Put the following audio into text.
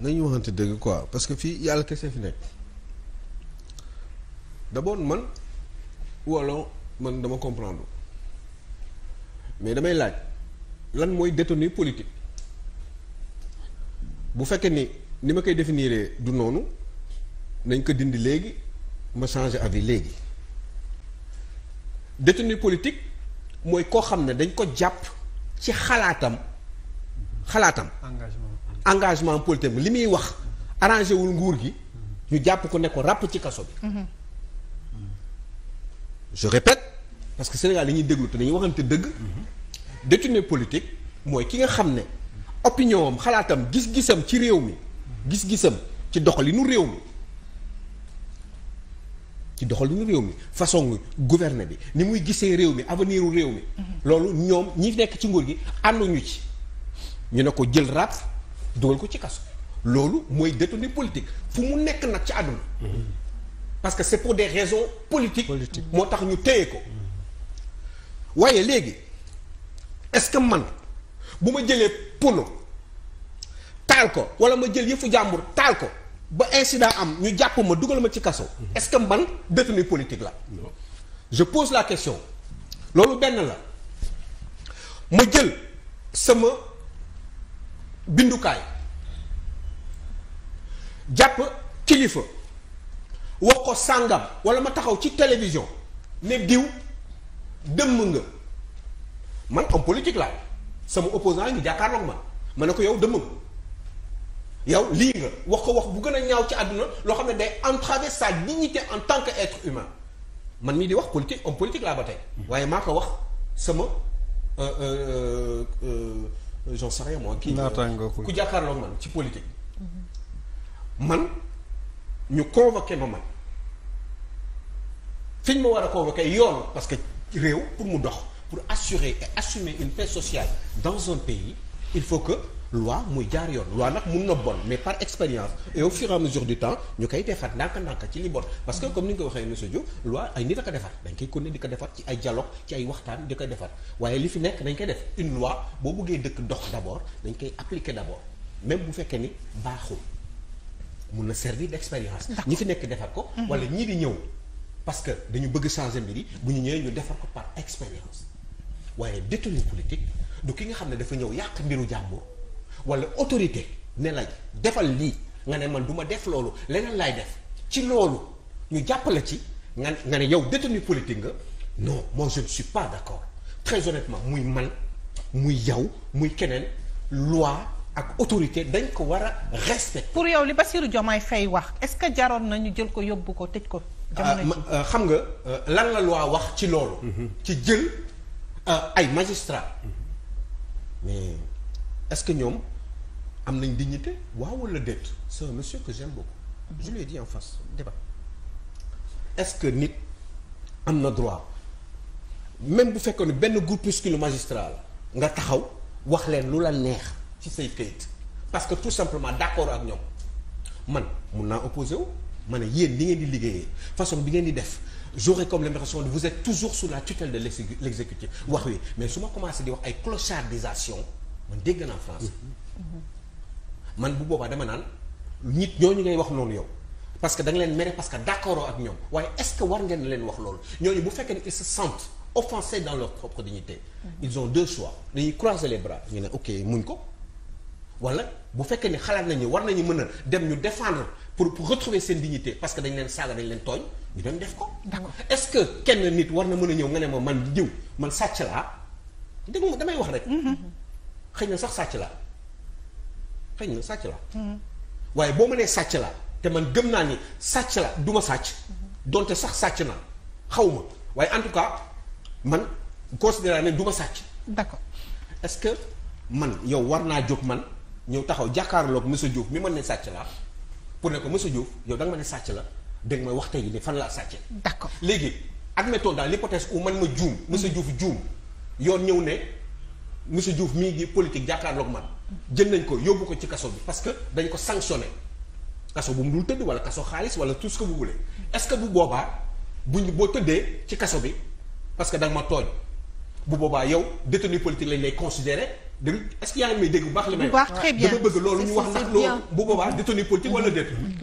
nañu waxante dëgg quoi parce que fii yàlla kese fi nekk d'abord man wala man dama comprendre mais damay laaj lan mooy détenu politique bu fekkee ni ni ma koy définiree du noonu nañ ko dindi léegi ma changer avis léegi détenu politique mooy koo xam ne dañ ko jàpp ci xalaatam xalaatam engagement engagement politique bi li muy wax arrangé wul nguur gi ñu jàpp ko ne ko ràpp ci kaso bi. Mhm. je parce que Sénégal dañuy déglu te dañuy waxante dëgg. Mhm. détenu mooy ki nga xam ne opinion am xalaatam gis-gisam ci réew mi gis-gisam ci doxalinu réew mi. ci doxalinu réew mi façon gouverner bi ni muy gisee réew mi avenir u réew mi. Mhm. loolu ñoom ñi nekk ci nguur gi ànduñu ci. ñu ne ko jël rap dugal ko ci kaso loolu mooy détenu politique fu mu nekk nag ci àdduna parce que c'est pour des raisons politiques moo tax ñu téye ko waaye léegi est-ce que man bu ma jëlee pono taal ko walla ma jël yëfu jàmbur taal ko ba incident am ñu jàpp ma dugal ma ci kaso est-ce que man détenu politique la je pose la question loolu benn la ma jël sama bindukaay jàpp kilifa wax ko sàngam walla ma taxaw ci télévision ne diw dëmm nga man homme politique laa sama opposant yi ñu jàkkaarloog man ma ne ko yow dëmm nga yow lii nga wax ko wax bu gën a ñaaw ci àdduna loo xam ne day entraver sa dignité en tant que être humain man mii di wax politique homme politique laa ba tey waaye maa ko wax sama euh, euh, euh, Euh, j'en sais rien moi. kii euh, ku jàkkaarloog man ci politique. man ñu convoqué ma man fiñ ma war a convoqué yoon parce que réew pour mu dox pour assurer et assumer une paix sociale dans un pays il faut que. loi muy jaar yoon loi nag mun na bon mais par expérience et au fur du temps ñu koy defar ndànk-ndànk ci li bon parce que comme ni nga ko waxee monsieur Diop loi ay nit a ko defar dañ koy continuer di ko defar ci ay dialogue ci ay waxtaan di ko defar waaye li fi nekk dañ koy def une loi boo bëggee dëkk dox d'abord dañ koy appliquer d'abord même bu fekkee ni baaxul mun na servir d'expérience ñi fi nekk defar ko mhm. wala ñii di ñëw parce que dañu bëgg changer mbir bu ñu ñëwee ñu defar ko par expérience waaye détenu politique du ki nga xam ne dafa ñëw yàq mbiru jàmbur wala autorité ne la defal lii nga ne man du def loolu leneen laay def ci loolu ñu jàppale ci nga nga ne yow ni politique nga non moi je ne suis pas d'accord très honnêtement muy man muy yow muy keneen loi ak autorité dañ ko war a respecter. pour yow li Bassirou Diomaye Faye wax est-ce que jaroon na ñu jël ko yóbbu ko tëj ko. Ah, euh, xam nga euh, lan la loi wax ci loolu. Mhm. ci jël euh, ay magistrats mhm. est-ce que ñoom am nañ dignité waaw wala déet c'est un monsieur que j'aime beaucoup je lui ai dit en face débat est-ce que nit am na droit même bu fekkoon ne benn groupuscule magistral nga taxaw wax leen lu la neex ci say kayit parce que tout simplement d'accord ak ñoom man mun naa opposé wu ma ne li ngeen di liggéeyee façon bi ngeen di def j'aurais comme l'impression de vous êtes toujours sous la tutelle de l'exécutif wax wi mais su ma commencé di wax ay clochardisation man dégg naa français man bu boobaa dama naan nit ñu ngay wax noonu yow parce que da nga leen mere parce que d'accord ak ñoom waaye est-ce que war ngeen leen wax loolu ñooñu bu fekkee ne ils se sentent offensés dans leur propre dignité ils ont deux choix dañuy croiser les bras ñu ne ok muñ ko wala bu fekkee ni xalaat nañu war nañu mën a dem ñu défendre pour pour retrouver seen dignité parce que dañ leen saaga dañ leen tooñ ñu dem def ko est-ce que kenn nit war na mën a ñëw nga ne ma man jiw man sàcc laa dégg wax rek mm-hmm. xëñ na sax sàcc la xëñ na sàcc la hmm. waaye boo ma nee sàcc la te man gëm naa ni sàcc la du ma sàcc donte sax sàcc na xaw ma waaye en tout cas man considéré ne du ma sàcc d'accord est-ce que man yow war naa jóg man ñëw taxaw jàkkaarloog monsieur Diouf mi mën ne sàcc la pour ne ko monsieur Diouf yow danga nga ma ne sàcc la da nga may wax tey ne fan laa sàcce d'accord léegi admettons daal l'hypothèse où man ma juum monsieur hmm. Diouf juum yoon ñëw ne monsieur Diouf mii di politique jàkkaarloog man jël nañ ko yóbbu ko ci kaso bi parce que dañ ko sanctionné kaso bu mu dul tëdd wala kaso xaalis wala tout ce que vous voulez est-ce que bu boobaa buñ boo tëddee ci kaso bi parce que da ma tooñ bu boobaa yow détenu politique lañ lay considéré dégg est-ce que yaa ngi may dégg bu baax li may wax dama bëgg loolu ñu wax ndax loolu bu boobaa détenu politique wala déet